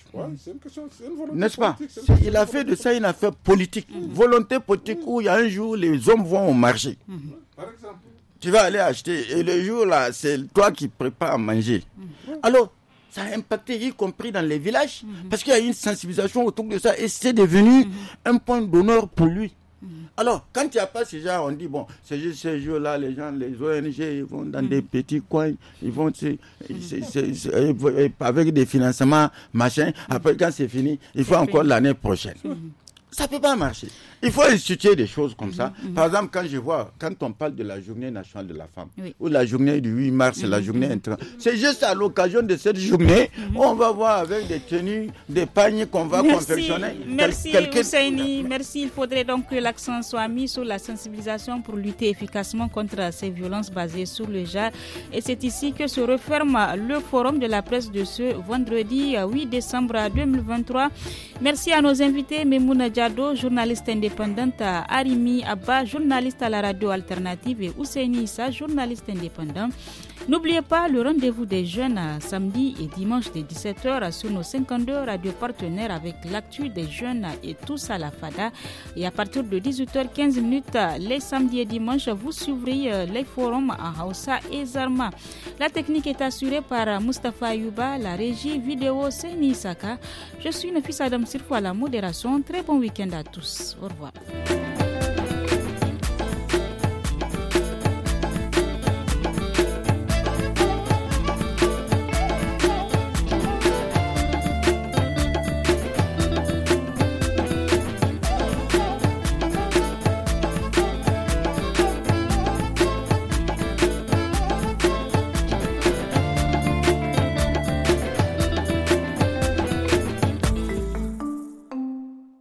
N'est-ce pas Il a fait de ça une affaire politique. Mm. Volonté politique où il y a un jour, les hommes vont au marché. Mm. Par exemple. Tu vas aller acheter et le jour là, c'est toi qui prépares à manger. Mm. Alors, ça a impacté, y compris dans les villages, mm-hmm. parce qu'il y a une sensibilisation autour de ça et c'est devenu mm-hmm. un point d'honneur pour lui. Alors, quand il n'y a pas ces gens, on dit, bon, c'est juste ces jours-là, les gens, les ONG, ils vont dans des petits coins, ils vont avec des financements, machin. Après, quand c'est fini, il faut encore l'année prochaine. Ça peut pas marcher. Il faut instituer des choses comme ça. Mhm. Par exemple, quand je vois, quand on parle de la journée nationale de la femme, ou la journée du 8 mars, la mhm. journée c'est juste à l'occasion de cette journée, mhm. on va voir avec des tenues, des paniers qu'on va confectionner. Merci, Ousseini, Merci. Il faudrait donc que l'accent soit mis sur la sensibilisation pour lutter efficacement contre ces violences basées sur le genre. Et c'est ici que se referme le forum de la presse de ce vendredi 8 euh, décembre 2023. Merci à nos invités, Memouna journaliste indépendante, Arimi Abba, journaliste à la radio alternative et Ousseini Issa, journaliste indépendant. N'oubliez pas le rendez-vous des jeunes samedi et dimanche de 17h sur nos 52 radios partenaires avec l'actu des jeunes et tous à la FADA. Et à partir de 18h15 les samedis et dimanches, vous suivrez euh, les forums à Hausa et Zarma. La technique est assurée par Mustafa Yuba, la régie vidéo c'est Saka. Je suis fils Adam Sirfo à la modération. Très bon week-end week à tous. Au revoir.